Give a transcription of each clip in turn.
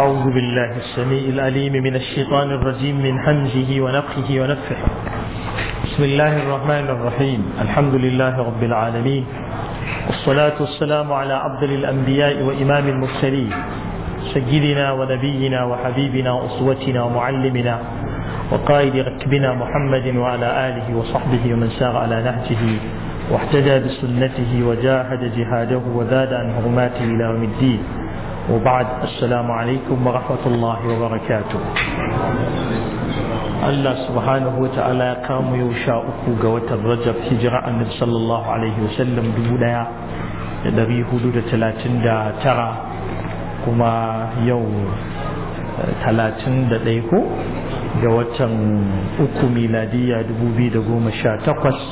أعوذ بالله السميع الأليم من الشيطان الرجيم من حمزه ونفخه ونفخه بسم الله الرحمن الرحيم الحمد لله رب العالمين والصلاة والسلام على عبد الأنبياء وإمام المرسلين سيدنا ونبينا وحبيبنا وأسوتنا ومعلمنا وقائد ركبنا محمد وعلى آله وصحبه ومن سار على نهجه واحتجى بسنته وجاهد جهاده وزاد عن هرماته إلى يوم الدين وبعد السلام عليكم ورحمة الله وبركاته الله سبحانه وتعالى قام يوشاء قوة الرجب هجرة النبي صلى الله عليه وسلم بولايا دري حدود تلاتين دا ترى كما يوم تلاتين دا ديكو قوة أكو ميلادية دبوبي دا قوم شاتقس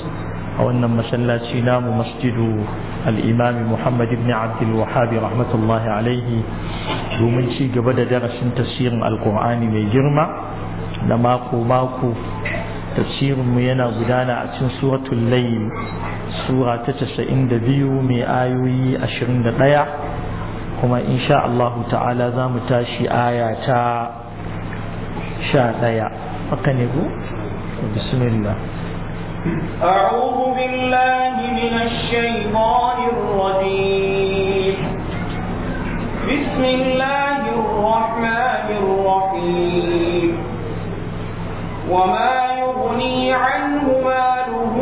a wannan masallaci namu masjidu al'imami muhammad ibn abdul rahmatullahi alaihi domin ci gaba da darasin tasirin alkur'ani mai girma na mako-mako tasirinmu yana gudana a cikin suratun lai sura ta casa'in da biyu mai ayoyi ashirin da ɗaya kuma insha Allah ta'ala za mu tashi aya ta sha ɗaya haka ne ku bismillah أعوذ بالله من الشيطان الرجيم بسم الله الرحمن الرحيم وما يغني عنه ماله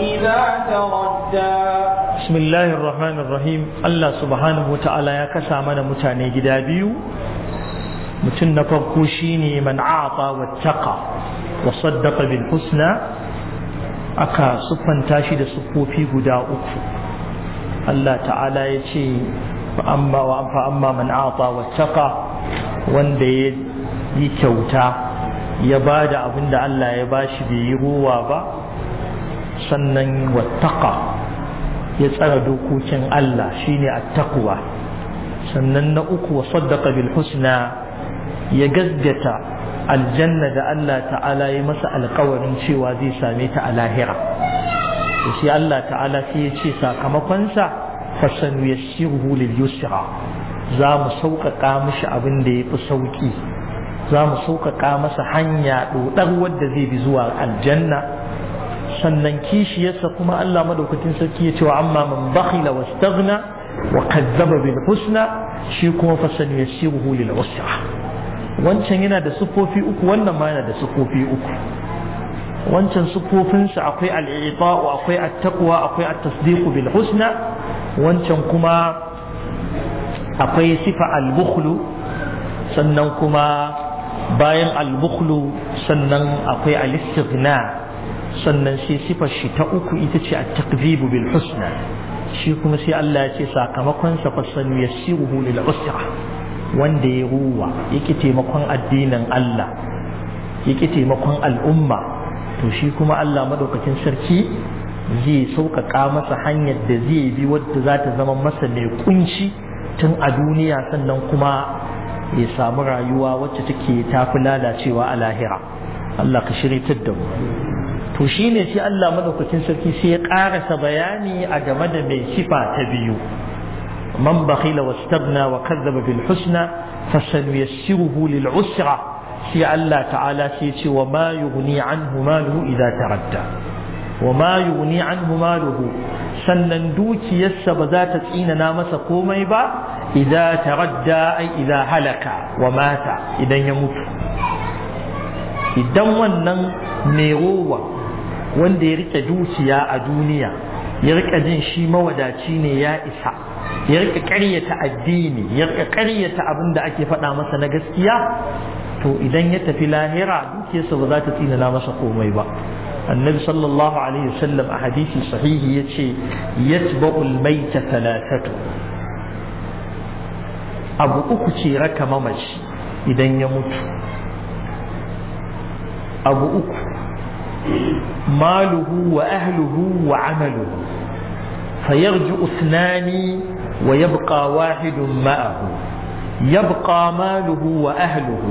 إذا تردى بسم الله الرحمن الرحيم الله سبحانه وتعالى يا كسامنا متاني جدا بيو متن من أعطى واتقى wa saddaqa husna aka siffanta shi da siffofi guda uku Allah ta'ala ya ce amma wa amfa amma man ata wattaqa wanda ya yi kyauta ya ba da abin da Allah ya ba shi bai yi ruwa ba sannan wattaqa ya tsara dokokin Allah shine attaqwa sannan na uku wa saddaqa bil husna ya gaggata aljanna da Allah ta'ala ya masa alkawarin cewa zai same ta a lahira shi Allah ta'ala sai ya ce sakamakonsa fasanu yassiruhu lil yusra za mu sauƙaƙa mishi abin da ya fi sauƙi za mu sauƙaƙa masa hanya ɗoɗar wadda zai bi zuwa aljanna sannan kishiyarsa kuma Allah madaukakin sarki ya ce wa amma man bakhila wastaghna wa kazzaba bil husna shi kuma fasanu yassiruhu lil usra wancan yana da sufofi uku wannan ma yana da sufofi uku wancan sufofinsa akwai al'iqa'u akwai attaqwa akwai at-tasdiqu bil husna wancan kuma akwai sifa al-bukhlu sannan kuma bayan al-bukhlu sannan akwai al-istighna sannan sai sifar shi ta uku ita ce a taqdibu bil husna shi kuma sai Allah ya ce sakamakon sa fasanu yassiruhu lil usra wanda ya ruwa yake taimakon addinin Allah yake taimakon al'umma to shi kuma Allah madaukakin sarki zai sauƙaƙa masa hanyar da zai bi wadda za ta zama masa mai kunshi tun a duniya sannan kuma ya samu rayuwa wacce take tafi lalacewa a lahira Allah ka shirya da mu to shine sai Allah madaukakin sarki sai ya ƙarasa bayani a game da mai sifa ta biyu من بخل واستغنى وكذب بالحسنى فسنيسره للعسرى في الله تعالى سيتي وما يغني عنه ماله إذا تردى وما يغني عنه ماله sannan dukiyarsa ba za ta tsinana masa komai ba idan taradda ai idan halaka wa mata idan ya mutu idan wannan merowa wanda ya rike dukiya a duniya ya rike jin shi mawadaci ne ya isa ya rika ƙaryata addini ya rika ƙaryata abin da ake faɗa masa na gaskiya to idan ya tafi lahira dukiyarsa ba za ta tsinana masa komai ba annabi sallallahu alaihi wasallam a hadisi sahihi ya ce yatba'ul maita talatatu abu uku ce raka mamaci idan ya mutu abu uku maluhu wa ahluhu wa amaluhu fayarji usnani ويبقى واحد معه يبقى ماله وأهله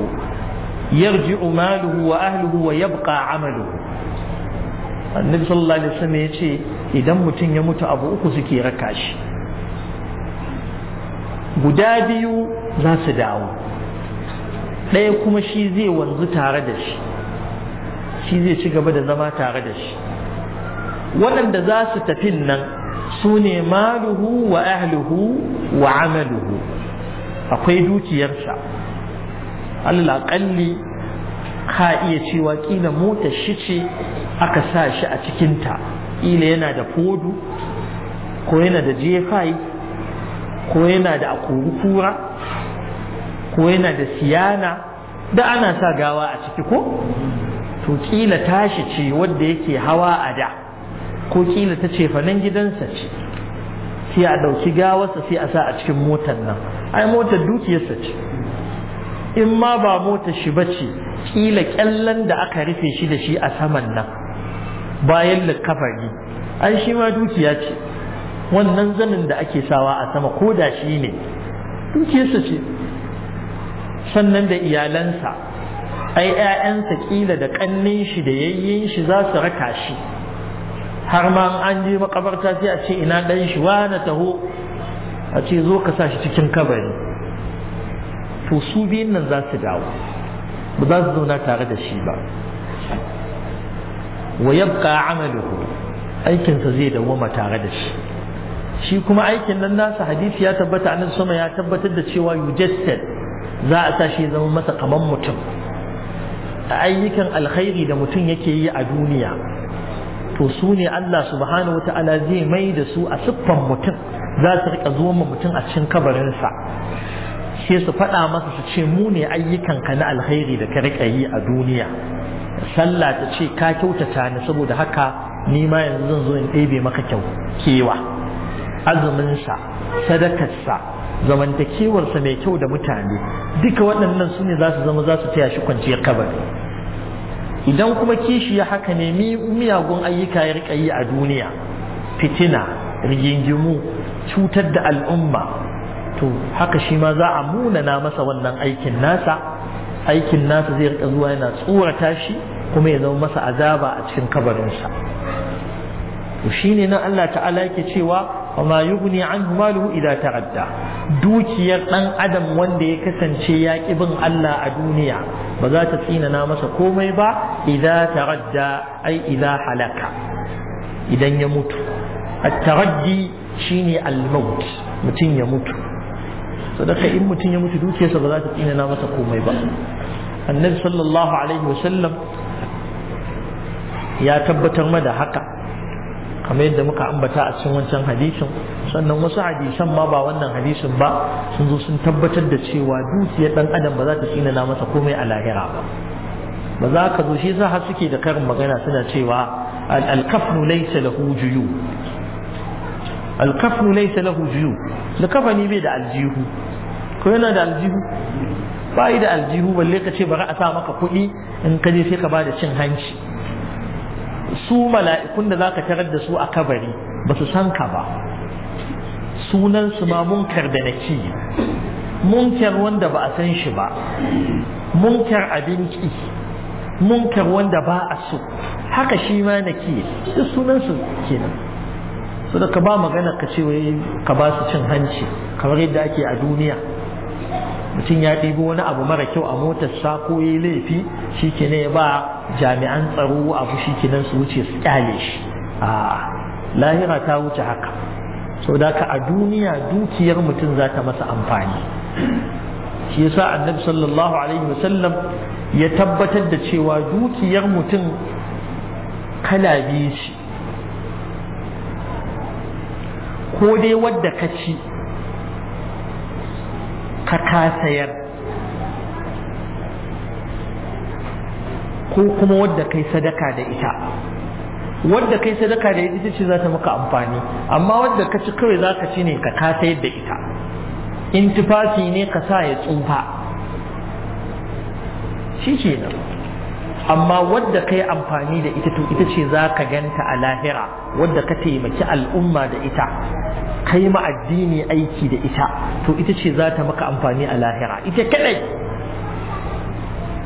يرجع ماله وأهله ويبقى عمله النبي صلى الله عليه وسلم يقول إذا متن يموت أبو أكو سكي ركاش بدابي ناس دعوه ɗaya kuma shi zai wanzu tare da shi shi zai ci gaba da zama tare da shi waɗanda za su tafin nan su ne maluhu wa ahluhu wa amaluhu akwai dukiyarsa alalakalli ka iya cewa ƙila mota shi ce aka sa shi a cikinta ƙila yana da fodu ko yana da jefai ko yana da akurukura ko yana da siyana da ana sa gawa a ciki ko to ƙila tashi ce wadda yake hawa a da ko kila ta ce fanin gidansa ce sai a ɗauki gawarsa sai a sa a cikin motar nan ai motar dukiyarsa ce in ma ba motar shi ba ce kila kyallan da aka rufe shi da shi a saman nan bayan likafari ai shi ma dukiya ce wannan zanin da ake sawa a sama ko da shi ne dukiyarsa ce sannan da iyalansa ai 'ya'yansa kila da kannin shi da yayyen shi za su raka shi har ma an je makabarta sai a ce ina ɗan shi na taho a ce zo ka sa shi cikin kabari to su biyun nan za su dawo ba za su zauna tare da shi ba wa yabqa amaluhu aikinsa zai dawoma tare da shi shi kuma aikin nan nasa hadisi ya tabbata annabi sama ya tabbatar da cewa yujassad za a sa shi zama masa kaman mutum a ayyukan alkhairi da mutum yake yi a duniya to su ne Allah subhanahu Ta'ala zai mai da su a siffan mutum za su rika zuwa mutum a cikin kabarinsa sai su faɗa masa su ce mu ne ayyukanka na alkhairi da ka rika yi a duniya sallah ta ce ka kyautata ni saboda haka ni ma yanzu zan zo in ɗebe maka kyau kewa azuminsa sadakarsa zamantakewarsa mai kyau da mutane duka waɗannan su ne za su zama za su taya shi kwanciyar kabari idan kuma kishi ya haka ne miyagun ayyuka ya rika yi a duniya fitina rigingimu cutar da al'umma to haka shi ma za a munana masa wannan aikin nasa aikin nasa zai rika zuwa yana tsorata shi kuma ya zama masa azaba a cikin kabarinsa to shi ne nan Allah ta'ala yake cewa wa ma yughni anhu maluhu idza ta'adda dukiyar dan adam wanda ya kasance ya bin Allah a duniya ba za ta tsinana masa komai ba idza taradda ai halaka idan ya mutu at-taraddi shine al-maut mutum ya mutu sadaka in mutum ya mutu dukiyarsa ba za ta tsinana masa komai ba annabi sallallahu alaihi wasallam ya tabbatar mada haka kamar yadda muka ambata a cikin wancan hadisin sannan wasu hadisan ma ba wannan hadisin ba sun zo sun tabbatar da cewa dukiyar dan adam ba za ta tsina na masa komai a lahira ba ba za ka zo shi yasa har suke da karin magana suna cewa al-kafnu laysa lahu juyu laysa lahu juyu da kafani bai da aljihu ko yana da aljihu ba yi da aljihu balle ka ce bari a sa maka kuɗi in ka je sai ka ba da cin hanci su mala'ikun da za ka tarar da su a kabari ba su san ka ba sunan su ma munkar da naki munkar wanda ba a san shi ba munkar abin ki munkar wanda ba a so haka shi ma naki duk sunan su kenan so da ka ba magana ka ce wai ka ba su cin hanci kamar yadda ake a duniya mutum ya ɗibo wani abu mara kyau a motar sa ko yi laifi shi ne ya ba jami'an tsaro abu shi kenan su wuce su kyale shi a lahira ta wuce haka so da ka a duniya dukiyar mutum za ta masa amfani shi yasa annabi sallallahu alaihi wasallam ya tabbatar da cewa dukiyar mutum kala biyu ce ko dai wadda ka ci ka kasayar ko kuma wadda kai sadaka da ita wadda kai sadaka da ita ce za ta maka amfani amma wadda ka ci kawai za ka ci ne ka kasa da ita in tufafi ne ka sa ya tsufa shi ke nan amma wadda ka yi amfani da ita to ita ce za ka ganta a lahira wadda ka taimaki al'umma da ita ka yi aiki da ita to ita ce za ta maka amfani a lahira ita kadai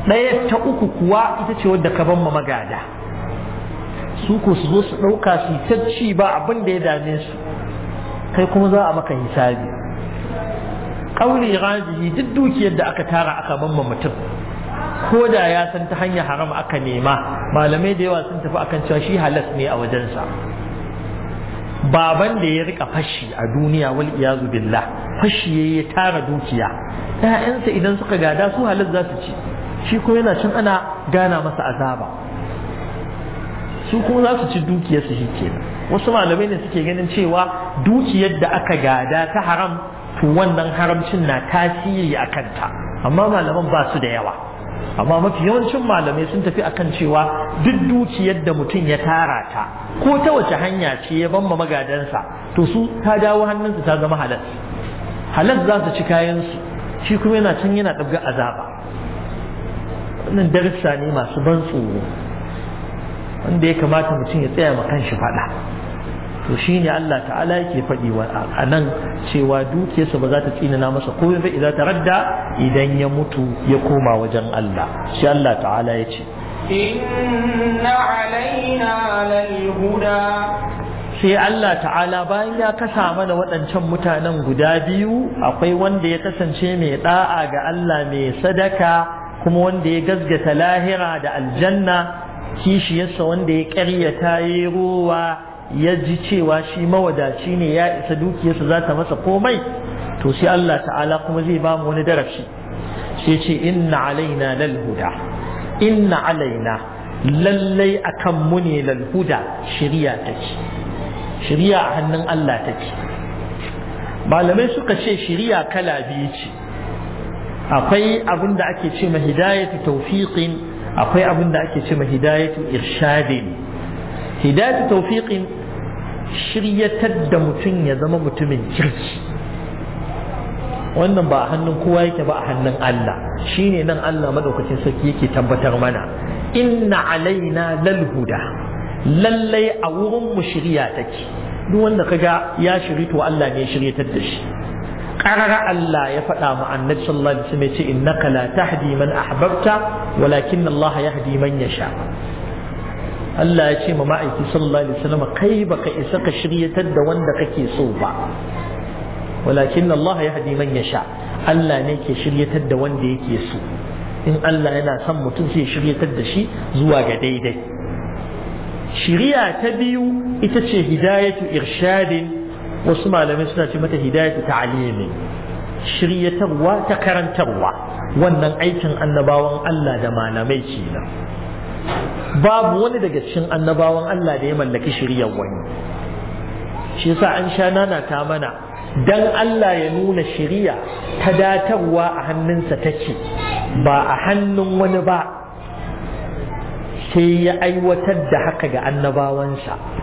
ɗaya ta uku kuwa ita ce wadda ka ban ma magada su ko su zo su ɗauka su tacci ba abin da ya dame su kai kuma za a maka hisabi ƙauli rajihi duk dukiyar da aka tara aka bamma mutum ko da ya san ta hanyar haram aka nema malamai da yawa sun tafi akan cewa shi halas ne a wajen sa. baban da ya rika fashi a duniya wal iyazu billah fashi yayi ya tara dukiya ƴaƴansa idan suka gada su halas za su ci shi ko yana cin ana gana masa azaba su kuma za su ci dukiyar su shike wasu malamai ne suke ganin cewa dukiyar da aka gada ta haram to wannan haramcin na tasiri a kanta amma malaman ba su da yawa amma mafi yawancin malamai sun tafi akan cewa duk dukiyar da mutum ya tara ta ko ta wace hanya ce ya bamba magadansa to su ta dawo hannunsu ta zama halal halal za su ci kayansu shi kuma yana can yana ɗabga azaba wannan darussa ne masu ban tsoro wanda ya kamata mutum ya tsaya ma kanshi faɗa to shine Allah ta'ala yake faɗi wa anan cewa dukiyarsa ba za ta tsinana masa komai ba idan ta radda idan ya mutu ya koma wajen Allah shi Allah ta'ala ya ce inna alaina lalhuda sai Allah ta'ala bayan ya kasa mana waɗancan mutanen guda biyu akwai wanda ya kasance mai da'a ga Allah mai sadaka kuma wanda ya gazgata lahira da aljanna kishiyarsa wanda ya ƙaryata ya ya ji cewa shi mawadaci ne ya isa dukiyarsa za ta masa komai to sai Allah ta'ala kuma zai ba mu wani darasi sai ce inna alaina lal huda inna alaina lallai akan mu ne lal huda shari'a take shari'a a hannun Allah ce. malamai suka ce shari'a kala biyu ce akwai abin da ake ce ma hidayatu tawfiqin akwai abin da ake ce ma hidayatu irshadin hidayatu tawfiqin shiryatar da mutum ya zama mutumin kirki wannan ba a hannun kowa yake ba a hannun Allah shine nan Allah madaukakin sarki yake tabbatar mana inna alaina lal huda lallai a wurin mu shirya take duk wanda kaga ya shiri to Allah ne ya shiryatar da shi qarara Allah ya faɗa mu annabi sallallahu alaihi wasallam yace innaka la tahdi man ahbabta walakin Allah yahdi man yasha Allah ya ce ma ma'aiki sallallahu alaihi wasallam kai baka isa ka shiryatar da wanda kake so ba walakin Allah yahdi man yasha Allah ne ke shiryatar da wanda yake so in Allah yana son mutum sai shiryatar da shi zuwa ga daidai shiriya ta biyu ita ce hidayatu irshadin wasu malamai suna ce mata ta ta'limi shiryatarwa ta karantarwa wannan aikin annabawan Allah da malamai ce kenan babu wani daga cikin annabawan Allah da ya mallaki shiryar wani shi yasa an sha nana ta mana dan Allah ya nuna shiriya ta datarwa a hannunsa take ba a hannun wani ba sai ya aiwatar da haka ga annabawansa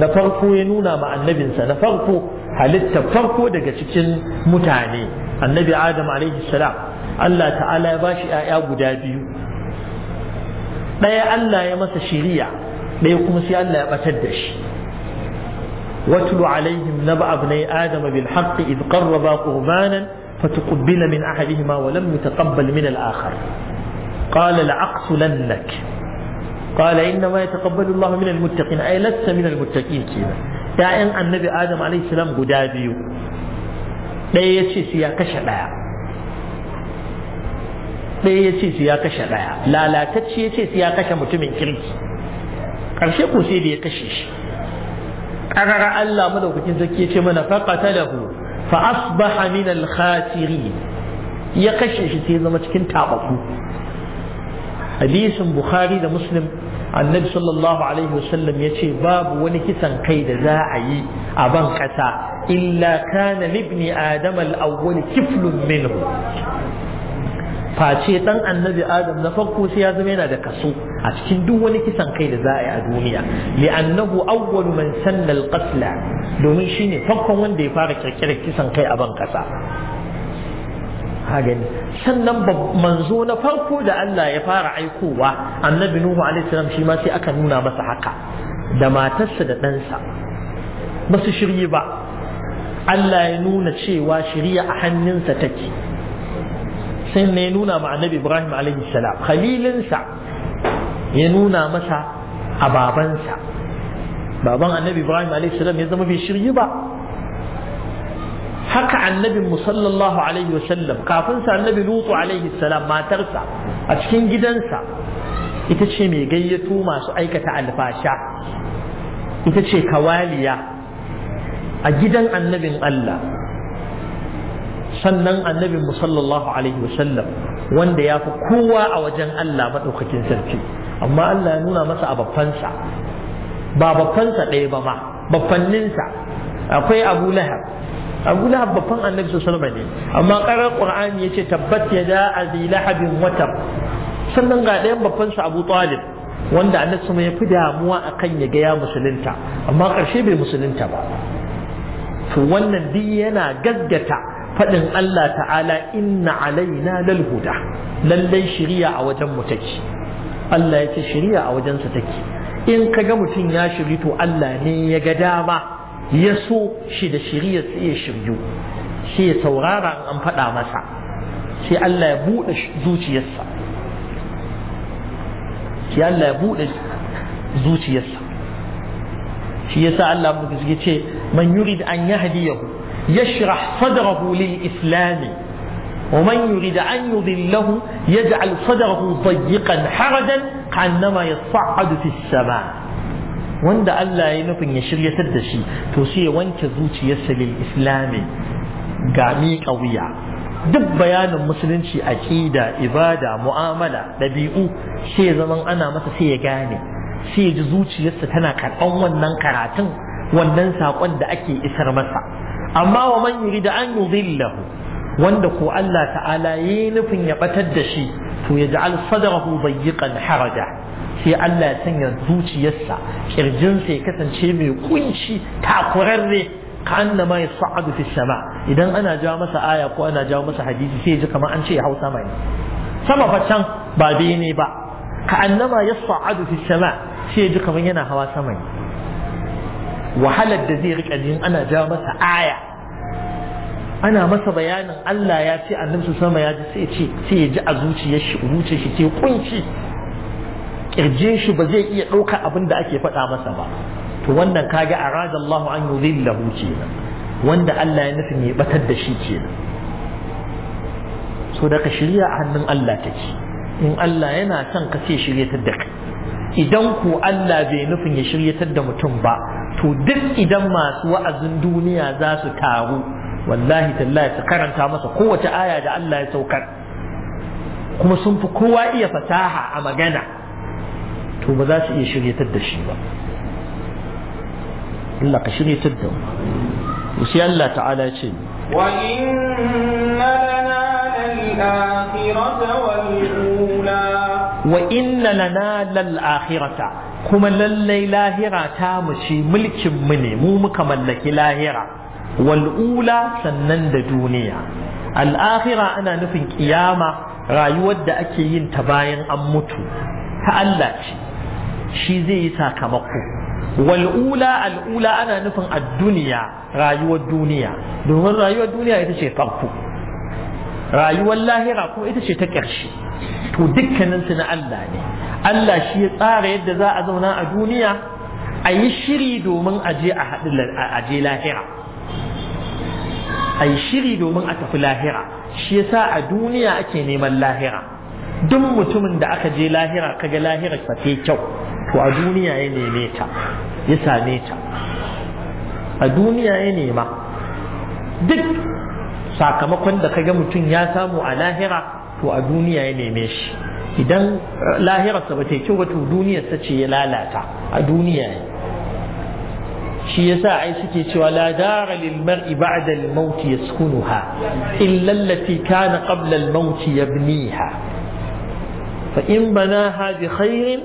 na farko ya nuna ma annabinsa na farko halitta farko daga cikin mutane annabi adam alaihi salam Allah ta'ala ya bashi ‘ya'ya guda biyu ɗaya Allah ya masa shiriya ɗaya kuma sai Allah ya ɓatar da shi watulu alaihim na ba abu adama bil haqqi id qarraba qurbanan fatuqbila min ahadihima wa lam yutaqabbal min al-akhar qala lannak. قال إنما يتقبل الله من المتقين أي لست من المتقين كينا يا النبي آدم عليه السلام قدابيو لا يتشي سياكش ya لا يتشي سياكش لا لا ya ce يتشي سياكش متمن كريك ƙarshe ko sai da ya kashe shi ƙarara Allah madaukakin zaki ya ce mana faqatalahu fa asbaha min al ya kashe shi sai zama cikin tabaku hadisin bukhari da muslim annabi sallallahu alaihi wasallam ya ce babu wani kisan kai da za a yi a ban illa kana libni adam al-awwal kiflun minhu face dan annabi adam na farko sai ya zama yana da kaso a cikin duk wani kisan kai da za a yi a duniya li'annahu annabu man sanna al-qatla domin shine farkon wanda ya fara kirkirar kisan kai a ban ƙasa gani sannan manzo na farko da Allah ya fara aikowa annabi Nuhu alaihi salam shi ma sai aka nuna masa haka da matarsa da ɗansa ba su shirye ba Allah ya nuna cewa shirya a hannunsa take sai ne nuna ma annabi Ibrahim alaihi salam khalilinsa ya nuna masa a babansa baban annabi Ibrahim alaihi salam ya zama bai shirye ba haka annabin mu sallallahu alaihi sallam kafin sa annabi lutu alaihi salam matarsa a cikin gidansa ita ce mai gayyato masu aikata alfasha ita ce kawaliya a gidan annabin Allah sannan annabin mu sallallahu alaihi sallam wanda ya fi kowa a wajen Allah maɗaukakin sarki amma Allah ya nuna masa a babbansa ba babbansa ɗaya ba ma babbanninsa akwai abu lahab abu lahab babban annabi sallallahu alaihi ne amma karar qur'ani ce tabbat yada abi lahabin watab sannan ga ɗayan babban abu talib wanda annabi sama ya fi damuwa akan ya ga ya musulunta amma ƙarshe bai musulunta ba to wannan duk yana gaggata faɗin Allah ta'ala inna alaina lal lallai shari'a a wajen mu take Allah ya ce shari'a a wajensa take in ga mutum ya shiri to Allah ne ya ga dama ya so shi da shiriyar sai ya shiryu sai ya saurara an faɗa masa sai Allah ya buɗe zuciyarsa sai Allah ya buɗe zuciyarsa shi yasa Allah mutum ya ce man yurid an yahdiyahu yashrah sadrahu lil islami ومن يريد أن يضله يجعل صدره ضيقا حرجا كأنما يصعد في السماء wanda Allah ya nufin ya shiryatar da shi to sai ya wanke zuciyarsa lil islami ga miƙa wuya duk bayanin musulunci aqida ibada mu'amala dabi'u sai zaman ana masa sai ya gane sai ji zuciyarsa tana karɓan wannan karatun wannan saƙon da ake isar masa amma wa man yurida an yudillahu wanda ko Allah ta'ala yayi nufin ya batar da shi to ya ja'al sadrahu bayyiqan haraja sai Allah ya sanya zuciyarsa kirjinsa ya kasance mai kunci takurarre kan da mai sa'adu fi sama idan ana jawo masa aya ko ana jawo masa hadisi sai ji kamar an ce hausa mai sama fa can ba ne ba ka annama ya sa'adu fi sama sai ji kamar yana hawa sama ne wahalar da zai rika jin ana jawo masa aya ana masa bayanin Allah ya ce annabi sama ya ji sai ce sai ya ji a zuciyar shi zuciyar shi ce kunci Kirje shi ba zai iya ɗauka abin da ake faɗa masa ba to wannan kaga arada Allahu an yudillahu kenan wanda Allah ya nufin ya batar da shi kenan so daga shirya a hannun Allah take in Allah yana son ka sai shiryatar da kai idan ku Allah bai nufin ya shiryatar da mutum ba to duk idan masu wa'azin duniya za su taru wallahi tallahi su karanta masa kowace aya da Allah ya saukar kuma sun fi kowa iya fasaha a magana to ba za su iya shiryatar da shi ba Allah ka shiryatar da mu sai Allah ta'ala ce wa inna lana lal-akhirata wal wa inna lana lal-akhirata kuma lallai lahira ta mu ce mulkin mu ne mu muka mallaki lahira wal'ula sannan da duniya al ana nufin kiyama rayuwar da ake yin ta bayan an mutu ta Allah ce shi zai yi sakamako wal'ula al'ula ana nufin a duniya rayuwar duniya domin rayuwar duniya ita ce farko rayuwar lahira kuma ita ce ta ƙarshe to dukkaninsu na Allah ne Allah shi ya tsara yadda za a zauna a duniya a yi shiri domin a je a je lahira a yi shiri domin a tafi lahira shi sa a duniya ake neman lahira duk mutumin da aka je lahira kaga lahira sa kyau to a duniya ya neme ta ya same ta a duniya ya nema duk sakamakon da kaga mutum ya samu a lahira to a duniya ya neme shi idan lahirarsa ba ta kyau ba to duniyarsa ce ya lalata a duniya ne shi yasa ai suke cewa la dara lil mar'i ba'da al maut yaskunuha illa allati kana qabla al maut yabniha fa in banaha bi khairin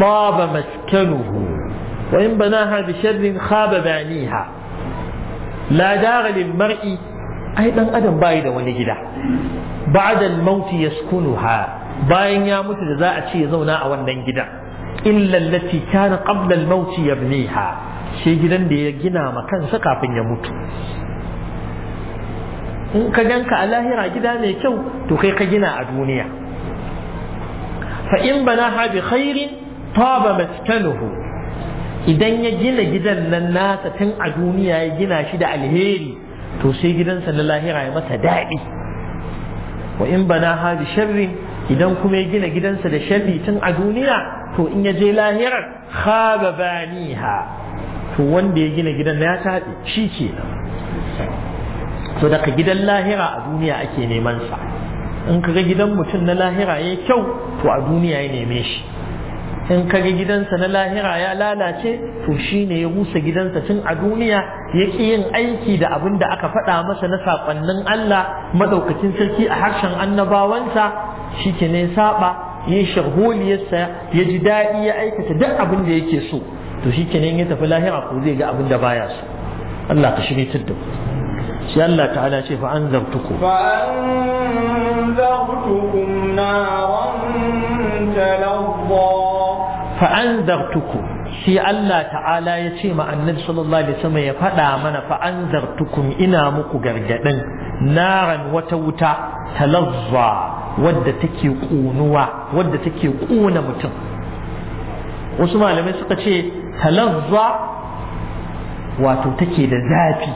طاب مسكنه وإن بناها بشر خاب بانيها لا دار للمرء أي دان أدم بايدا ونجدا بعد الموت يسكنها باين يا موت ذا أشي زونا أو ننجدا إلا التي كان قبل الموت يبنيها شي جدا دي جنا مكان سقى في يموت in ka ganka a lahira gida mai kyau to kai ka gina a duniya fa in bana ha bi khairin taba maskanuhu idan ya gina gidan nan nasa tun a duniya ya gina shi da alheri to sai gidansa na lahira ya masa daɗi wa in bana hadi sharri idan kuma ya gina gidansa da sharri tun a duniya to in ya je lahirar khaba baniha to wanda ya gina gidan ya taɗe shi ke to daga gidan lahira a duniya ake neman sa in kaga gidan mutum na lahira ya kyau to a duniya ya neme shi in kaga gidansa na lahira ya lalace to shine ya rusa gidansa tun a duniya ya ƙi yin aiki da abin da aka faɗa masa na saƙonnin Allah maɗaukacin sarki a harshen annabawansa shi ke ne saba ya sharholiyarsa ya ji daɗi ya aikata duk abin da yake so to shi ke ya tafi lahira ko zai ga abin da baya so Allah ka shirye da ku Allah ta'ala ce fa an zartuku fa an zartukum naran talawwa fa'anzartukum shi Allah ta'ala ya ce ma annabi sallallahu alaihi wasallam ya faɗa mana tukun ina muku gargaɗin naran wata wuta talazza wadda take ƙunuwa wadda take ƙuna mutum wasu malamai suka ce talazza wato take da zafi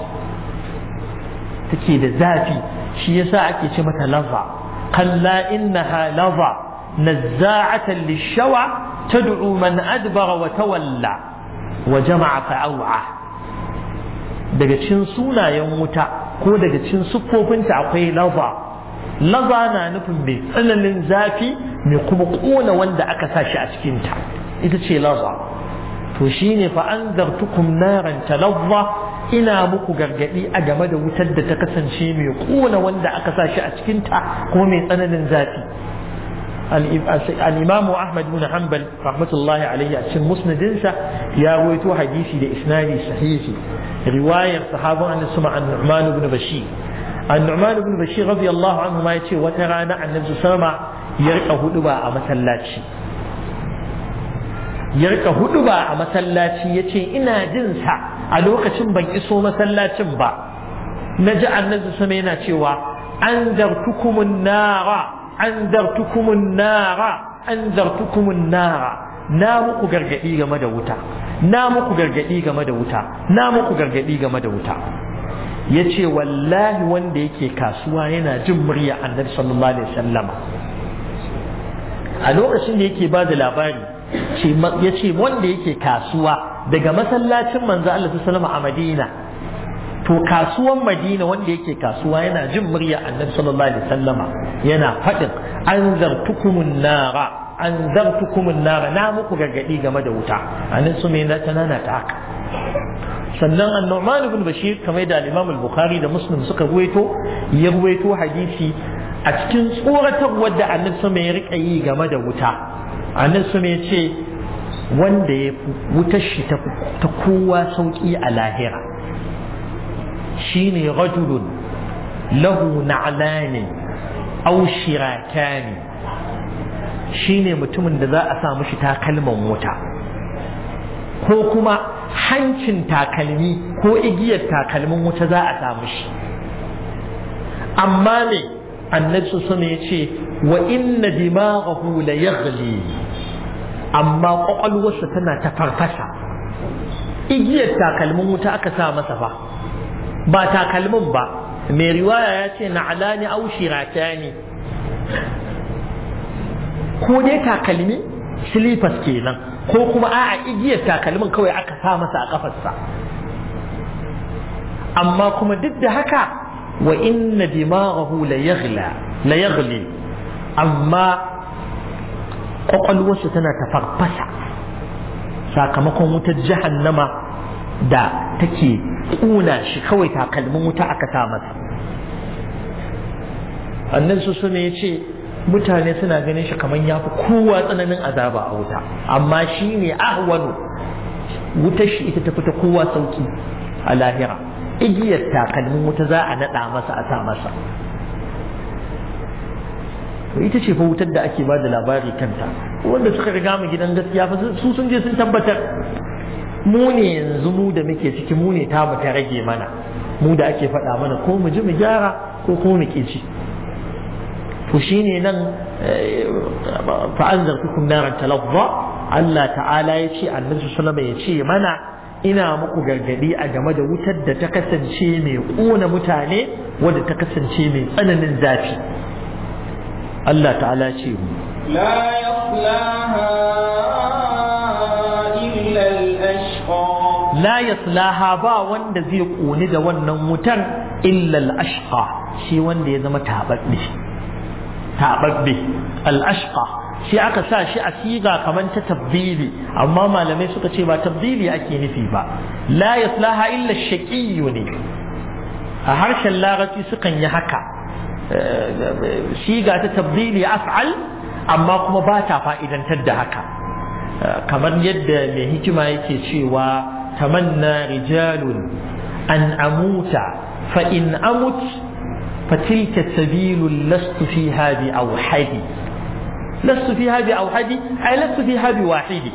take da zafi shi yasa ake ce mata laza kalla innaha laza نزاعة للشوع تدعو من أدبر وتولى وجمع فأوعى daga cin sunayen wuta ko daga cin siffofinta akwai laza laza na nufin mai tsananin zafi mai kuma kona wanda aka sa shi a cikinta ita ce laza to shine fa an zartukum naran talazza ina muku gargadi a game da wutar da ta kasance mai kona wanda aka sa shi a cikinta kuma mai tsananin zafi al-imam Ahmad bin Hanbal rahmatullahi alayhi a cikin musnadinsa ya rawaito hadisi da isnadi sahihi riwayar sahabban annabi sama an-Nu'man ibn Bashir an-Nu'man ibn Bashir radiyallahu anhu ma yace wata rana annabi sallama ya rika huduba a masallaci ya rika huduba a masallaci yace ina jin sa a lokacin ban iso masallacin ba naji annabi sama yana cewa an zartukumun nara anzartukumun nara anzartukumun nara na muku gargadi game da wuta na muku gargadi game da wuta na muku gargadi game da wuta yace wallahi wanda yake kasuwa yana jin murya annabi sallallahu alaihi wasallama a lokacin da yake ba da labari yace ce wanda yake kasuwa daga masallacin manzo Allah sallallahu alaihi wasallam a Madina to kasuwan madina wanda yake kasuwa yana jin murya annabi sallallahu alaihi wasallama yana faɗin an zartukumun nara an nara na muku gargaɗi game da wuta annabi su mai tana ta haka sannan annu'man ibn bashir kamar da al-imam al-bukhari da muslim suka ruwaito ya ruwaito hadisi a cikin tsoratarwar da annabi sama ya rika yi game da wuta annabi sama ya ce wanda ya wutar shi ta kowa sauki a lahira shine rajulun lahu na'lani aw shirakani shine mutumin da za a sa mishi takalman mota ko kuma hancin takalmi ko igiyar takalmin wuta za a sa mishi amma ne annabi sun ya ce wa inna dimaghahu la yaghli amma kwakwalwarsa tana ta farfasa igiyar takalmin wuta aka sa masa fa ba takalmin ba mai riwaya ya ce na'alani au ne ko dai takalmi silifas kenan ko kuma a'a igiyar takalmin kawai aka sa masa a kafarsa amma kuma duk da haka wa inna dimaghahu la yaghla la yaghli amma kwakwalwarsa tana tafarfasa sakamakon wutar jahannama da take ƙuna shi kawai takalmin wuta aka sa masa annan su ne ya ce mutane suna ganin shi kamar ya fi kowa tsananin azaba a wuta amma shi ne ahwanu wutar shi ita ta fita kowa sauki a lahira igiyar takalmin wuta za a naɗa masa a sa masa ita ce fa wutar da ake ba da labari kanta wanda suka riga mu gidan gaskiya fa su sun je sun tabbatar mu ne yanzu mu da muke ciki mu ne ta ta rage mana mu da ake faɗa mana ko mu ji mu gyara ko ko mu ci to shine nan eh, fa anzartukum naran talazza Allah ta'ala ya ce annabi sallama ya ce mana ina muku gargadi a game da wutar da ta kasance mai ƙona mutane wadda ta kasance mai tsananin zafi Allah ta'ala ce mu la yaslaha la yaslaha ba wanda zai koni da wannan wutar illa ashqa shi wanda ya zama tababbe tababbe al-ashqa shi aka sa shi a siga kaman ta tabbili amma malamai suka ce ba tabdili ake nufi ba la yaslaha illa shaqi ne a harshen larabci sukan yi haka eh, siga ta tabdili af'al amma kuma ba ta fa'idantar da haka eh, kamar yadda mai hikima yake cewa تمنى رجال أن أموت فإن أمت فتلك سبيل لست فيها بأوحدي لست فيها بأوحدي أي لست فيها بواحدي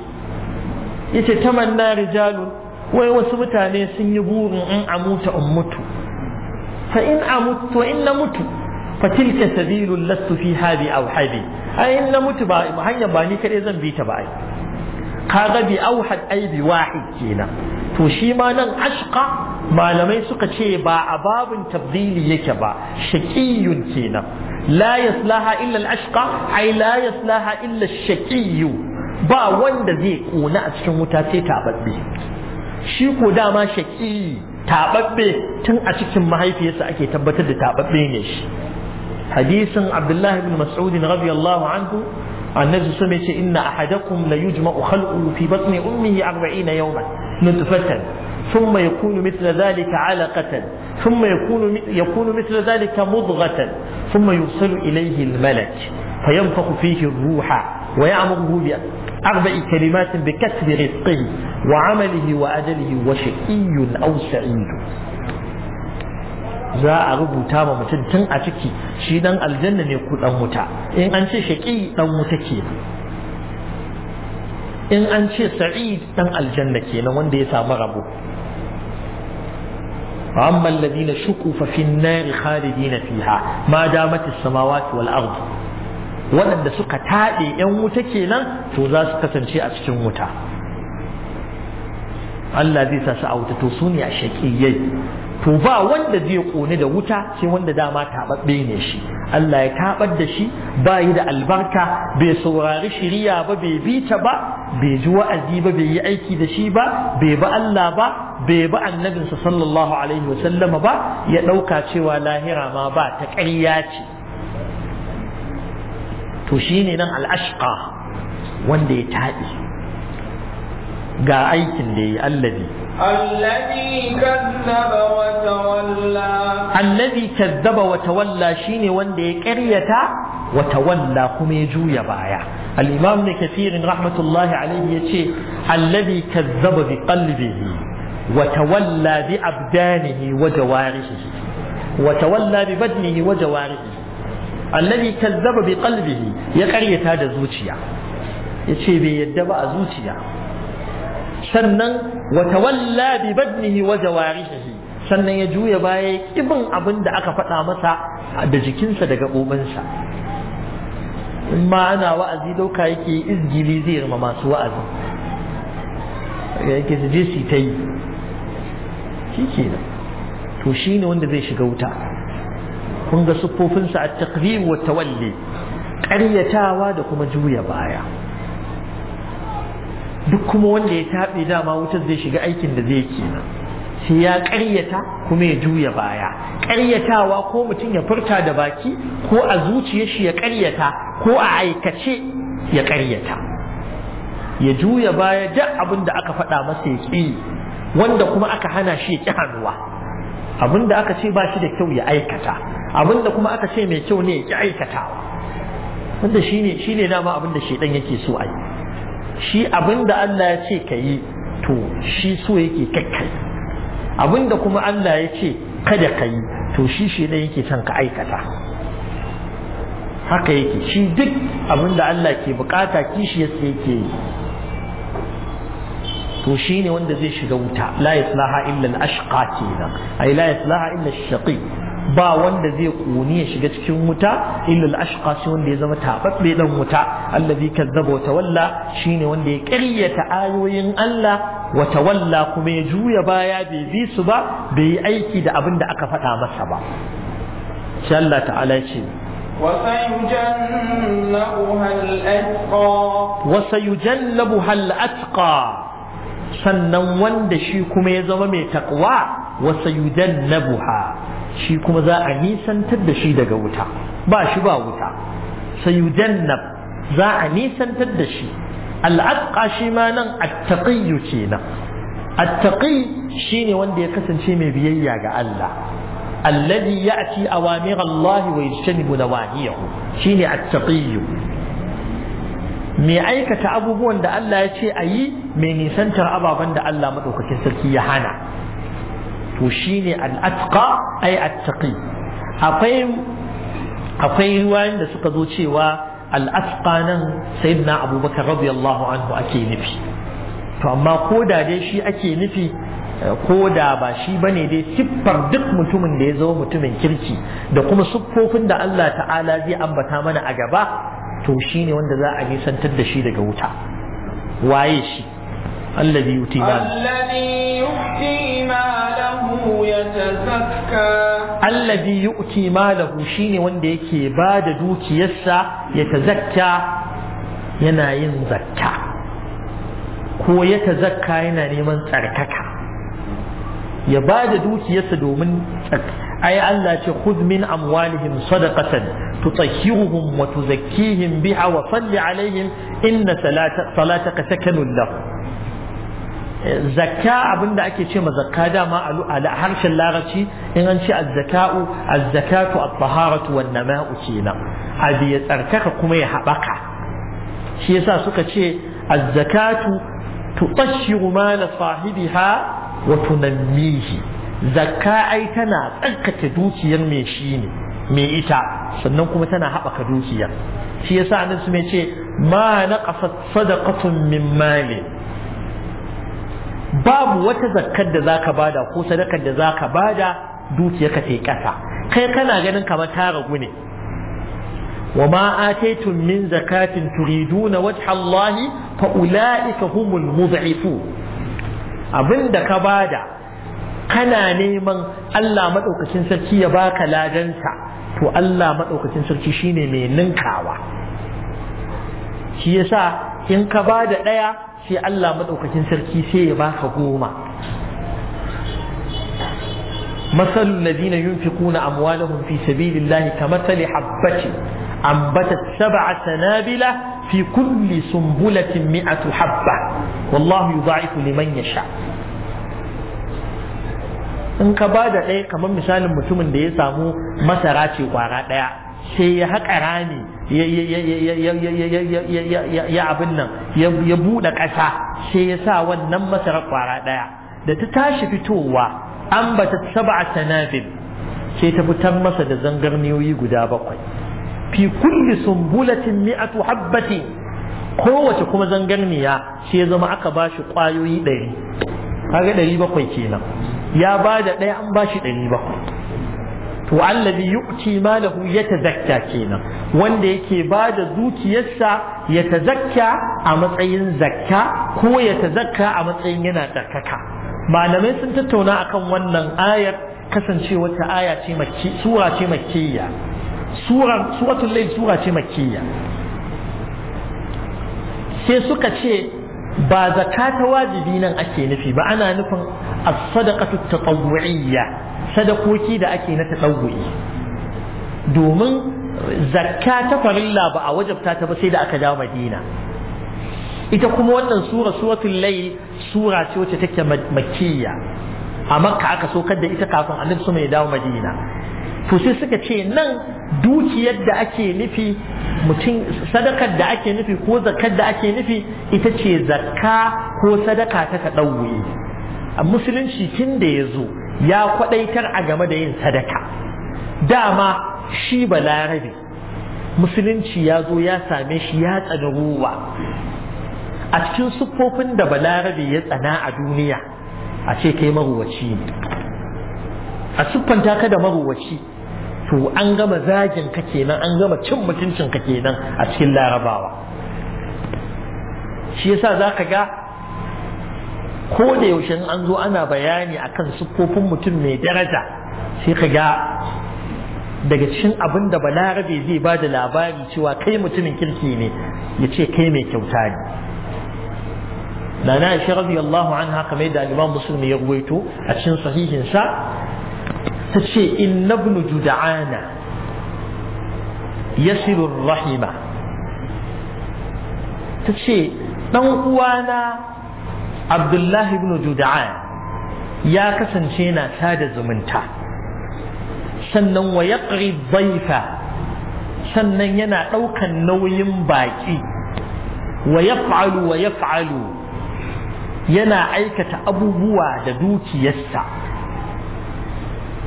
يتمنى رجال ويوسمت عليه سنبور أن أموت أمت فإن أمت وإن نمت فتلك سبيل لست فيها بأوحدي أي إن نمت بأي ما هي باني كريزا بيت بأي قاغ بأوحد أي بواحد كينا to shi ma nan ashqa malamai suka ce ba a babin tabdili yake ba shaqiyun kenan la yaslaha illa al-ashqa ay la yaslaha illa ash ba wanda zai kona a cikin wuta sai tababbe shi ko dama shaqi tababbe tun a cikin mahaifiyarsa ake tabbatar da tababbe ne shi hadisin abdullahi ibn mas'ud radiyallahu anhu annabi sun ce inna ahadakum la yujma'u khalquhu fi batni ummihi 40 yawman نطفة ثم يكون مثل ذلك علقة ثم يكون يكون مثل ذلك مضغة ثم يوصل إليه الملك فينفخ فيه الروح ويأمره بأربع كلمات بكسب رزقه وعمله وأدله وشقي أو سعيد za a rubuta ma mutum tun a ciki shi dan aljanna ne ku dan wuta in an ce shaqi dan wuta ke in an ce sa'id dan aljanna kenan wanda ya samu rabo amma alladhina shuku fa fi an-nar khalidina fiha ma damat as-samawati wal ard waɗanda suka taɗe ‘yan wuta kenan to za su kasance a cikin wuta Allah zai sa su a wuta to su ne a shaƙiyyai to ba wanda zai ƙone da wuta sai wanda dama taɓaɓɓe ne shi Allah ya taɓar da shi ba yi da albarka bai saurari shiriya ba bai bi ta ba bai ji wa'azi ba bai yi aiki da shi ba bai ba Allah ba bai ba annabinsa sallallahu alaihi wa sallama ba ya ɗauka cewa lahira ma ba ta ƙarya ce to shine nan al'ashqa wanda ya taɗi ga aikin da ya yi allabi Allazi kazzaba wa tawalla shine wanda ya ƙaryata wa tawalla kuma ya juya baya. Al’imam da kafirin rahmatullahi alayhi ya ce, Allazi kazzaba bi ƙalbihi wa tawalla bi abdanihi wa jawarihi. Wa tawalla bi badnihi wa jawarihi. Allazi kazzaba bi ƙalbihi ya ƙaryata da zuciya. Ya ce bai yadda ba a zuciya. sannan wata walla bi badnihi wa jawarihi sannan ya juya baya ibin abin da aka faɗa masa da jikinsa da gaɓoɓinsa in ma ana wa'azi dauka yake izgili zai rima masu wa'azi yake su je su ta yi shi ke nan to shi ne wanda zai shiga wuta kun ga siffofinsa a takrir wa tawalli ƙaryatawa da kuma juya baya duk kuma wanda ya taɓe dama wutar zai shiga aikin da zai ke nan sai ya ƙaryata kuma ya juya baya ƙaryatawa ko mutum ya furta da baki ko a zuciya shi ya ƙaryata ko a aikace ya ƙaryata ya juya baya duk abin da aka faɗa masa ya ƙi wanda kuma aka hana shi ya ƙi hannuwa abin da aka ce ba shi da kyau ya aikata abin da kuma aka ce mai kyau ne ya ƙi aikatawa wanda shine shine dama abin da shedan yake so a yi shi abinda Allah ya ce ka yi to shi so yake kakkai abinda kuma Allah ya ce kada ka yi to shi shi ne yake son ka aikata haka yake shi duk abinda Allah ke bukata kishi yasa yake yi to shi ne wanda zai shiga wuta la yaslaha illa al-ashqa kenan ai la yaslaha illa ash ba wanda zai koni ya shiga cikin wuta illal ashqa shi wanda ya zama tababbe dan wuta allazi kazzaba wa tawalla shine wanda ya ƙaryata ayoyin Allah wa tawalla kuma ya juya baya bai bi su ba bai yi aiki da abin da aka faɗa masa ba insha Allah ta'ala ce وسيجنبها الأتقى sannan wanda shi kuma ya zama mai takwa wasa yujannabuha shi kuma za a nisantar da shi daga wuta ba shi ba wuta sayujannab za a nisantar da shi al'aqqa shi ma nan attaqiyyu kenan attaqi shine wanda ya kasance mai biyayya ga Allah alladhi ya'ti awamir Allah wa yajtanibu nawahiyahu shine attaqiyyu mai aikata abubuwan da Allah ya ce a yi mai nisantar ababen da Allah maɗaukakin sarki ya hana to shine al akwai akwai da suka zo cewa al nan nan na abubakar radiyallahu anhu ake nufi to amma ko da dai shi ake nufi ko da ba shi ba ne dai siffar duk mutumin da ya zama mutumin kirki da kuma siffofin da Allah ta'ala zai ambata mana a gaba to shi ne wanda za a nisantar da shi daga wuta waye shi الذي يؤتي ماله الذي يؤتي ماله يتزكى الذي يؤتي ماله شيني wanda yake bada dukiyarsa ya tazakka yana yin zakka ko ya zakka yana neman tsarkaka ya ba da dukiyarsa domin ai Allah ce khudh min amwalihim sadaqatan tutahhiruhum wa tuzakkihim biha wa salli alaihim inna salataka sakanun lahum zakka abinda ake ce ma zakka dama a harshen larabci in an ce azzaka'u azzakatu at-taharatu wan nama'u kenan abi ya tsarkaka kuma ya habaka shi yasa suka ce azzakatu tutashiru mala sahibiha wa tunammihi zakka ai tana tsarkake dukiyar mai shi ne mai ita sannan kuma tana haɓaka dukiyar shi yasa annabi ce ma naqasat sadaqatun min mali babu wata zakkar da zaka bada ko sadakar da zaka bada dukiyarka ta kasa kai kana ganin kamar ta ragu ne wa ma ataytum min zakatin turiduna wajha Allah fa ulaika humul mudhifu abinda ka bada kana neman Allah madaukakin sarki ya baka ladanta to Allah madaukakin sarki shine mai ninkawa shi yasa in ka bada daya sai Allah maɗaukakin sarki sai ya baka goma masalul ladina yunfiquna amwalahum fi sabilillahi kamathali habbati ambatat sab'a sanabila fi kulli sumbulatin mi'atu habba wallahu yudha'ifu liman sha. in ka ba da ɗaya kamar misalin mutumin da ya samu masara ce kwara ɗaya sai ya haƙa rami ya abin nan ya buɗe ƙasa sai ya sa wannan masarar ƙwara ɗaya da ta tashi fitowa an ba ta saba sanafin sai ta fitar masa da zangarniyoyi guda bakwai fi kulli sumbulatin mi'atu habbati kowace kuma zangarniya sai ya zama aka ba shi ƙwayoyi ɗari kaga ɗari bakwai kenan ya ba da ɗaya an ba shi ɗari bakwai wa allazi yu'ti malahu yatazakka kenan wanda yake ba da dukiyarsa ya tazakka a matsayin zakka ko ya tazakka a matsayin yana tsarkaka malamai sun tattauna a kan wannan ayar kasancewa ta aya sai suka ce ba zakata wajibi nan ake nufi ba ana nufin a sadaqatu at-tatawwu'iyya sadakoki da ake na tasawuri domin zakka ta farilla ba a wajabta ta ba sai da aka dawo madina ita kuma wannan sura suratul layl sura ce wacce take makkiya a makka aka sokar da ita kafin annabi su ya dawo madina to sai suka ce nan dukiyar da ake nufi mutum sadakar da ake nufi ko zakkar da ake nufi ita ce zakka ko sadaka ta ka a musulunci tun da ya zo ya kwadaitar a game da yin sadaka dama shi balarabe musulunci ya zo ya same shi ya tsani ruwa a cikin siffofin da balarabe ya tsana a duniya a ce kai maruwaci ne a siffanta ka da maruwaci to an gama zagin ka kenan an gama cin mutuncin ka kenan a cikin larabawa shi yasa za ka ga ko da yaushe an zo ana bayani akan siffofin mutum mai daraja sai ka ga daga cikin abin da balarabe zai ba da labari cewa kai mutumin kirki ne ya ce kai mai kyauta ne Nana na shi rabi Allahu an haka mai musulmi ya ruwaito a cikin sahihinsa ta ce inna ibn juda'ana yasilu rahima ta ce dan uwana abdullahi ibn juda'an ya kasance na sada zumunta sannan wa yaqri dhaifa sannan yana ɗaukan nauyin baƙi wa yaf'alu wa yaf'alu yana aikata abubuwa da dukiyarsa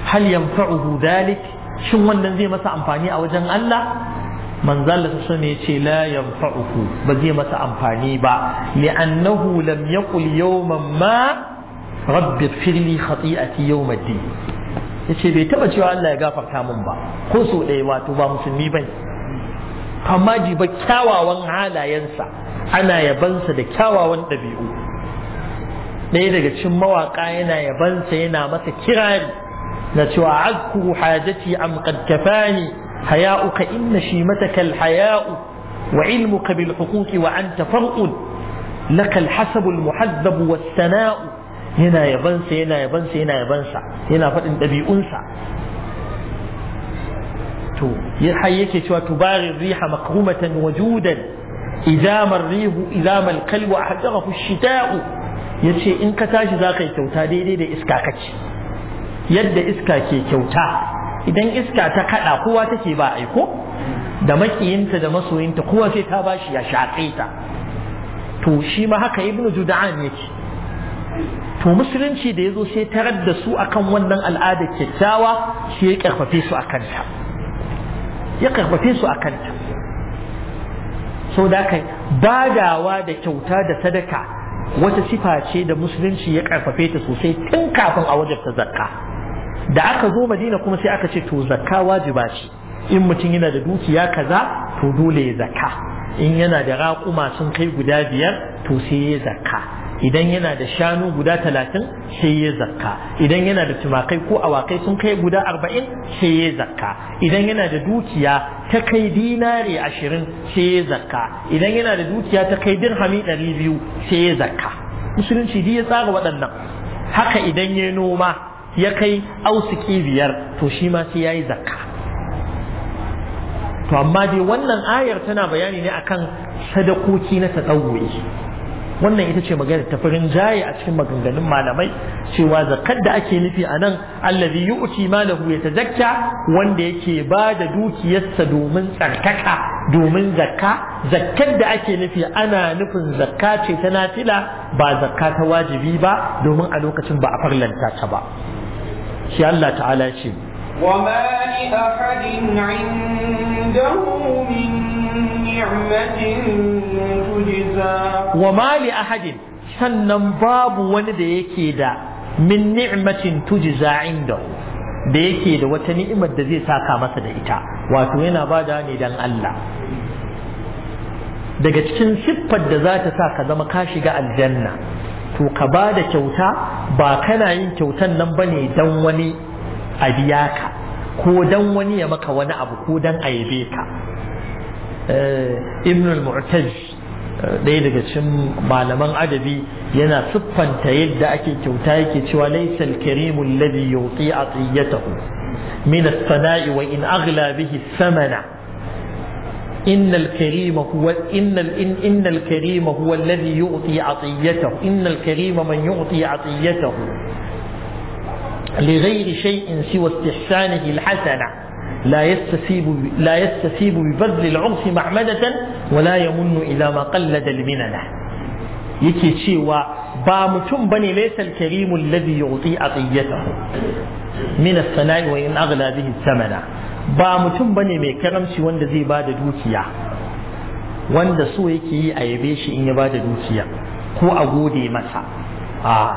hal yanfa'uhu dalik shin wannan zai masa amfani a wajen Allah manzal sa ne ce la yanfa'uhu ba zai masa amfani ba li'annahu lam yaqul yawman ma rabbi firli khati'ati yawmiddin yace bai taba cewa Allah ya gafarta min ba ko so ɗaya wato ba musulmi bane amma ji ba kyawawan halayensa ana yabansa da kyawawan ɗabi'u ɗaya daga cikin mawaƙa yana yabansa yana masa kirari na cewa azkuru hajati am qad kafani حياؤك إن شيمتك الحياء وعلمك بالحقوق وأنت فرء لك الحسب المحذب والثناء هنا يا بنس هنا يا بنس هنا يا بنس هنا فتن أبي أنسى تو يحييك تباغي الريح مكرومة وجودا إذا ما الريح إذا ما القلب أحدغه الشتاء يتشي إن كتاش ذاك يتوتا دي دي دي إسكاكتش يد إسكاكي كوتا idan iska ta kada kowa take ba aiko da makiyinta da masoyinta kowa sai ta bashi ya shaƙe ta to shi ma haka ibnu juda'an yake to musulunci da yazo sai tarar da su akan wannan al'adar kyakkyawa shi ya karfafe su akan ta ya karfafe su akan ta so da kai badawa da kyauta da sadaka wata sifa ce da musulunci ya karfafe ta sosai tun kafin a wajen ta zakka da aka zo madina kuma sai aka ce to zakka wajiba ce in mutum yana da dukiya kaza to dole ya zakka in yana da raƙuma sun kai guda biyar to sai ya zakka idan yana da shanu guda talatin sai ya zakka idan yana da tumakai ko awakai sun kai guda arba'in sai ya zakka idan yana da dukiya ta kai dinari ashirin sai ya zakka idan yana da dukiya ta kai dirhami ɗari biyu sai ya zakka musulunci dai ya tsara waɗannan haka idan ya noma ya kai ausiki biyar to shi ma sai yayi zakka to amma dai wannan ayar tana bayani ne akan sadakoki na tsawuri wannan ita ce magana ta farin jaye a cikin maganganun malamai cewa zakar da ake nufi a nan allazi yu'ti malahu yatazakka wanda yake ba da dukiyarsa domin tsarkaka domin zakka zakkar da ake nufi ana nufin zakka ce ta nafila ba zakka ta wajibi ba domin a lokacin ba a farlanta ta ba shi Allah ta'ala ce Wamali لأحد sannan babu wani da yake da min ni'matin tujza inda da yake da wata ni'imar da zai saka masa da ita wato yana bada ne dan Allah daga cikin siffar da za ta sa ka zama ka shiga aljanna to ka ba da kyauta ba kana yin kyautan nan bane dan wani a biya ka ko dan wani ya maka wani abu ko dan a yabe ka eh, ibn al-mu'taj eh, ɗaya daga cikin malaman adabi yana siffanta yadda ake kyauta yake cewa laysa al-karimu alladhi yuti atiyatahu min as-sana'i wa in aghla bihi ath-thamana إن الكريم هو إن إن إن الكريم هو الذي يعطي عطيته إن الكريم من يعطي عطيته لغير شيء سوى استحسانه الحسنة لا يستسيب لا يستسيب ببذل العرف محمدة ولا يمن إلى ما قلد المننة يكي cewa ba mutum بني ليس الكريم الذي يعطي عطيته من الثناء وإن أغلى به الثمن ba mutum bane mai karamci wanda zai bada dukiya wanda so yake yi a yabe shi in ya bada dukiya ko a gode masa a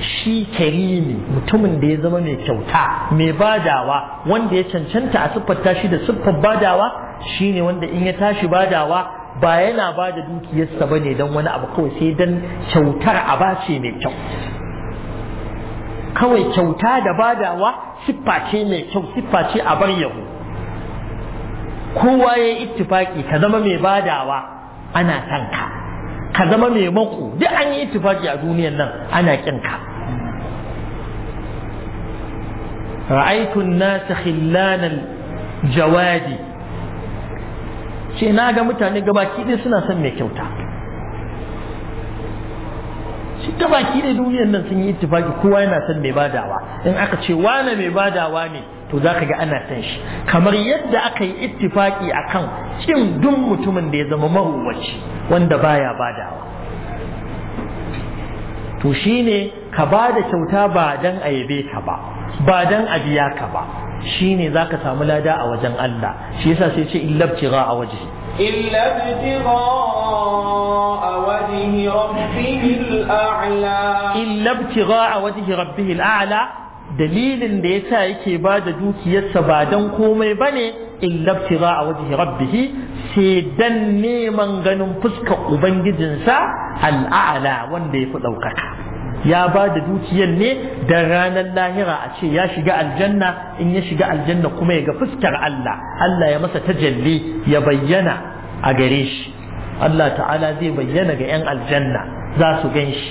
shi karimi mutumin da ya zama mai kyauta mai badawa wanda ya cancanta a siffar shi da siffar badawa shine wanda in ya tashi badawa ba yana bada dukiyarsa bane don wani abu kawai sai dan kyautar a bace mai kyau kawai kyauta da badawa siffa ce mai kyau siffa ce a bar yahu kowa ya yi ittifaki ka zama mai badawa ana san ka ka zama mai mako duk an yi ittifaki a duniyar nan ana kin ka ra'aytu an jawadi ce na ga mutane gabaki ɗin suna son mai kyauta duk baki ne duniyar nan sun yi ittifaki kowa yana son mai badawa in aka ce wane mai badawa ne to za ka ga ana san shi kamar yadda aka yi ittifaki kan kin duk mutumin da ya zama mahuwaci wanda baya badawa to shine ka ba da kyauta ba dan a yabe ka ba ba dan a biya ka ba shine zaka samu lada a wajen Allah shi yasa sai ce in ra a waje إلا ابتغاء وجه ربه الأعلى إلا ابتغاء وجه ربه الأعلى dalilin da ya sa yake ba da dukiyarsa ba don komai ba ne illa ibtigha a wajhi rabbih sai dan neman ganin fuskar ubangijinsa al'ala wanda ya fi ɗaukaka ya ba da dukiyar ne da ranar lahira a ce ya shiga aljanna in ya shiga aljanna kuma ya ga fuskar Allah Allah ya masa tajalli ya bayyana a gare shi Allah ta'ala zai bayyana ga 'yan aljanna za su gan shi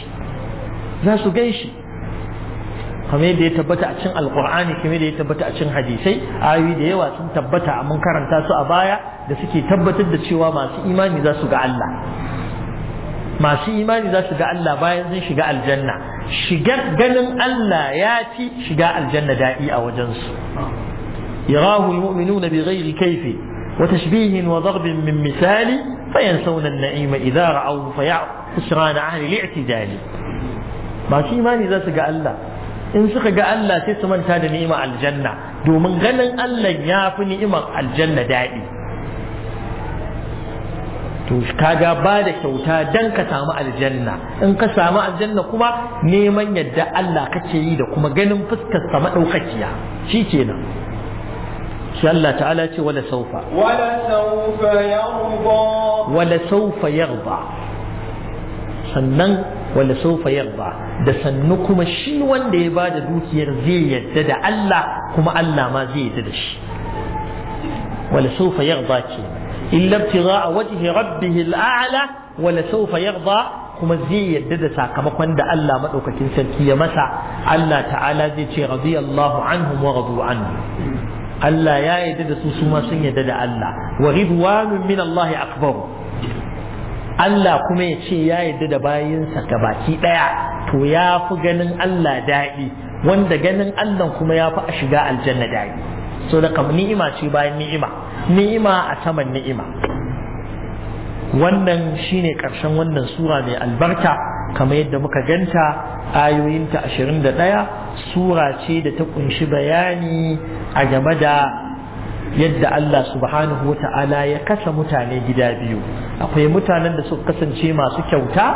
za su gan shi kamar yadda ya tabbata a cin alkur'ani kamar yadda ya tabbata a cin hadisai ayoyi da yawa sun tabbata a mun karanta su a baya da suke tabbatar da cewa masu imani za su ga Allah masu imani za su ga Allah bayan sun shiga aljanna shigar ganin Allah ya ci shiga aljanna da'i a wajensu yarahu bi ghairi kayfi wa tashbihin wa darbin min misali fayansawna an-na'ima idha ra'aw fa fayasrana ahli al-i'tidali masu imani za su ga Allah in suka ga Allah sai su manta da ni'imar aljanna domin ganin Allah ya fi ni'imar aljanna da'i to kaga ba da kyauta dan ka samu aljanna in ka samu aljanna kuma neman yadda Allah kake yi da kuma ganin fuskar sa madaukakiya shikenan shi Allah ta'ala ce wala saufa wala saufa yarda wala saufa yarda sannan wala saufa yarda da sannu kuma shi wanda ya bada dukiyar zai yadda da Allah kuma Allah ma zai yadda da shi wala saufa yarda kenan illa ibtigha'a wajhi rabbih al'a'la wa la sawfa yarda kuma zai yarda da sakamakon da Allah madaukakin sarki ya masa Allah ta'ala zai ce radiyallahu anhum wa radu anhu Allah ya yadda da su su ma sun da Allah wa ridwanun min Allah kuma ya ce ya yarda da bayinsa baki ɗaya. to ya fi ganin Allah daɗi wanda ganin Allah kuma ya fi a shiga aljanna daɗi so da ni'ima ce bayan ni'ima ni'ima a saman ni'ima wannan shine karshen wannan sura mai albarka kamar yadda muka ganta ayoyinta 21 sura ce da ta kunshi bayani a game da yadda Allah subhanahu wa ta'ala ya kasa mutane gida biyu akwai mutanen da suka kasance masu kyauta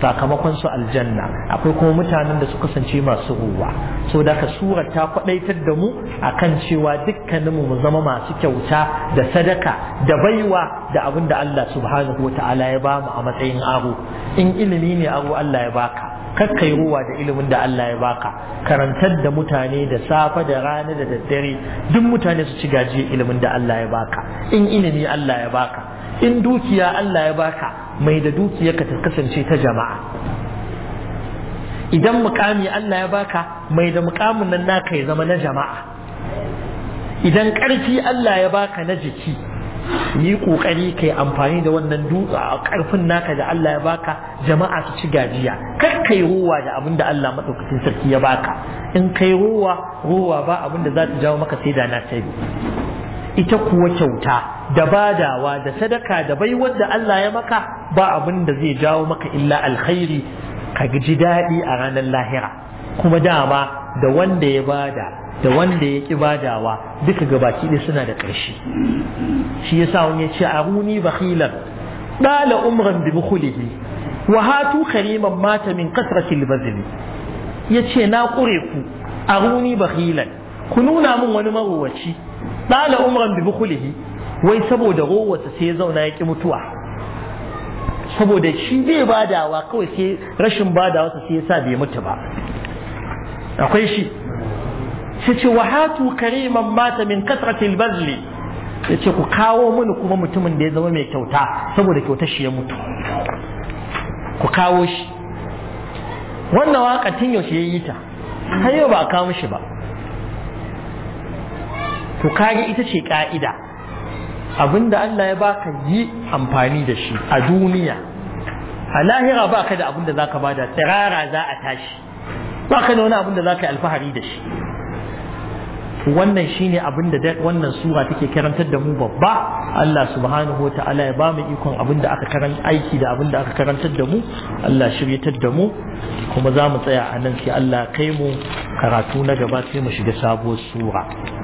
sakamakon su aljanna akwai kuma mutanen da su kasance masu ruwa so da ka sura ta kwadaitar da mu akan cewa dukkaninmu mu zama masu kyauta da sadaka da baiwa da abin da Allah subhanahu wataala ya bamu a matsayin aro in ilimi ne aro Allah ya baka yi ruwa da ilimin da Allah ya baka karantar da mutane da safe da rana da daddare duk mutane su ci gajiyar ilimin da Allah ya baka in ilimi Allah ya baka in dukiya Allah ya baka mai da dukiyarka ka kasance ta jama'a idan mukami Allah ya baka mai da mukamin nan naka ya zama na jama'a idan ƙarfi Allah ya baka na jiki yi ƙoƙari ka yi amfani da wannan a ƙarfin naka da Allah ya baka jama'a su ci gajiya kar ka yi ruwa da abin da Allah maɗaukacin sarki ya baka in ka yi ruwa ruwa ba abin da za ta jawo maka sai da na sai ita kuwa kyauta da badawa da sadaka da baiwar da Allah ya maka ba abin da zai jawo maka illa alkhairi ka ji daɗi a ranar lahira kuma dama da wanda ya bada da wanda ya ƙi badawa duka gabaki ɗaya suna da ƙarshe shi yasa wani ya ce a runi bakhilan ɗala umran bi bukhulihi wa hatu kariman mata min kasratil bazili ya ce na ƙure ku a runi bakhilan ku nuna min wani marowaci ɗala umran bi bukhulihi wai saboda rowarsa sai ya zauna ya ki mutuwa saboda shi bai badawa kawai sai rashin badawa sai ya sa bai mutu ba akwai shi sai ce wa hatu kariman mata min kasratil bazli ya ku kawo mini kuma mutumin da ya zama mai kyauta saboda kyautar shi ya mutu ku kawo shi wannan waka tun yaushe ya yi ta har yau ba a kawo shi ba to kage ita ce ka'ida abinda Allah ya baka yi amfani da shi a duniya a lahira ba ka da abinda za ka bada tsirara za a tashi ka da wani abinda za ka yi alfahari da shi wannan shine abinda da wannan sura take karantar da mu babba Allah subhanahu wa ta'ala ya mu ikon abinda aka karan aiki da abinda aka karantar da mu Allah shiryatar da mu kuma za mu tsaya a nan sai Allah kai mu karatu na gaba sai mu shiga sabuwar sura